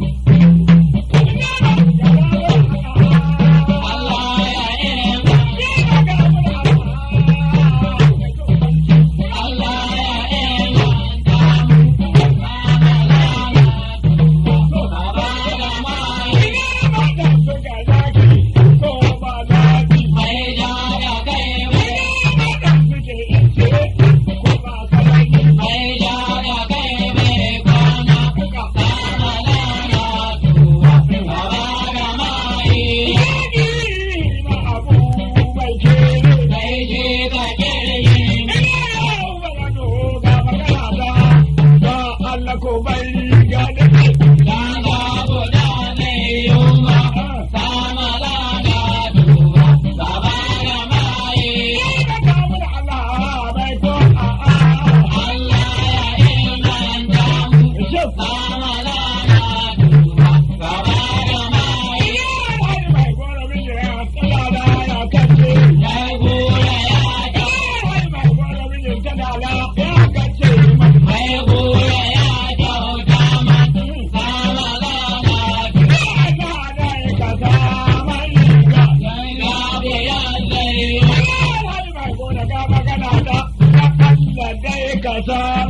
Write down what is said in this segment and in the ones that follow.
Okay. Gaza.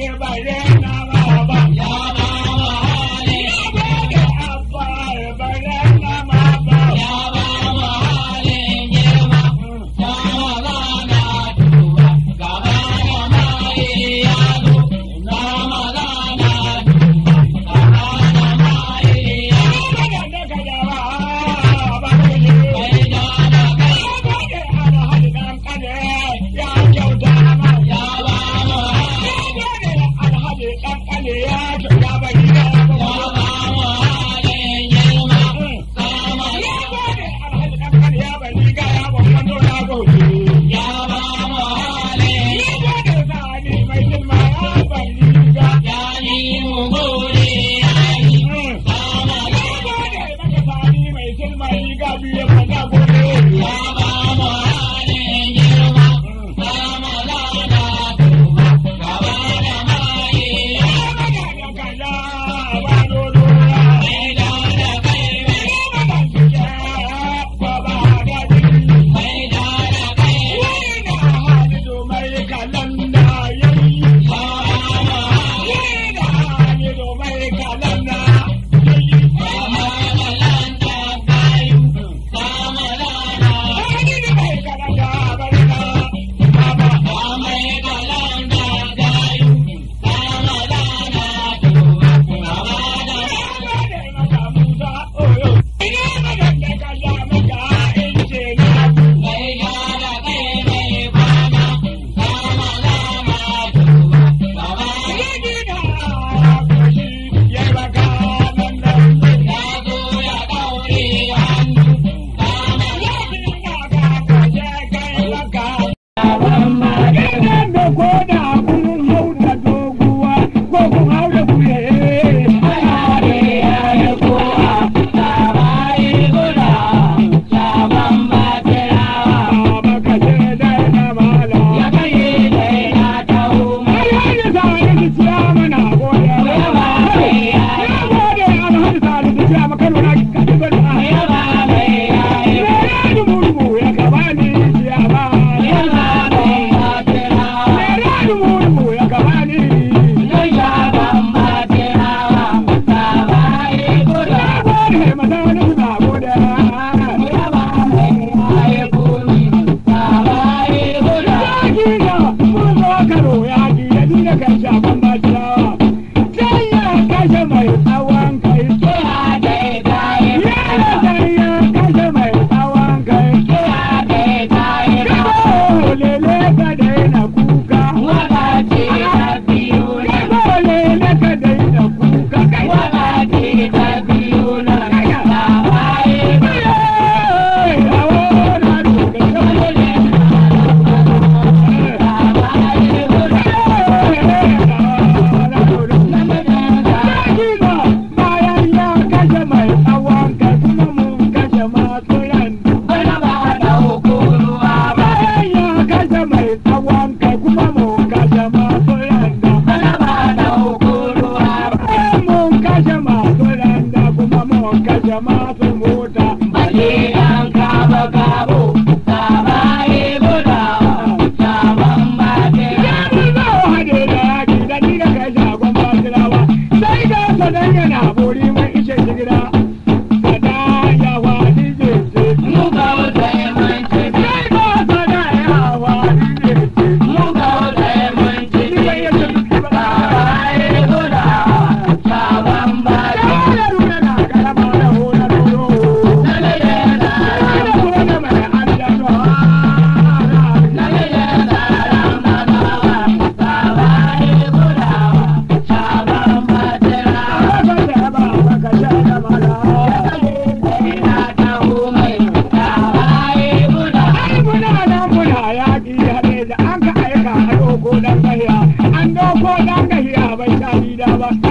everybody. Java.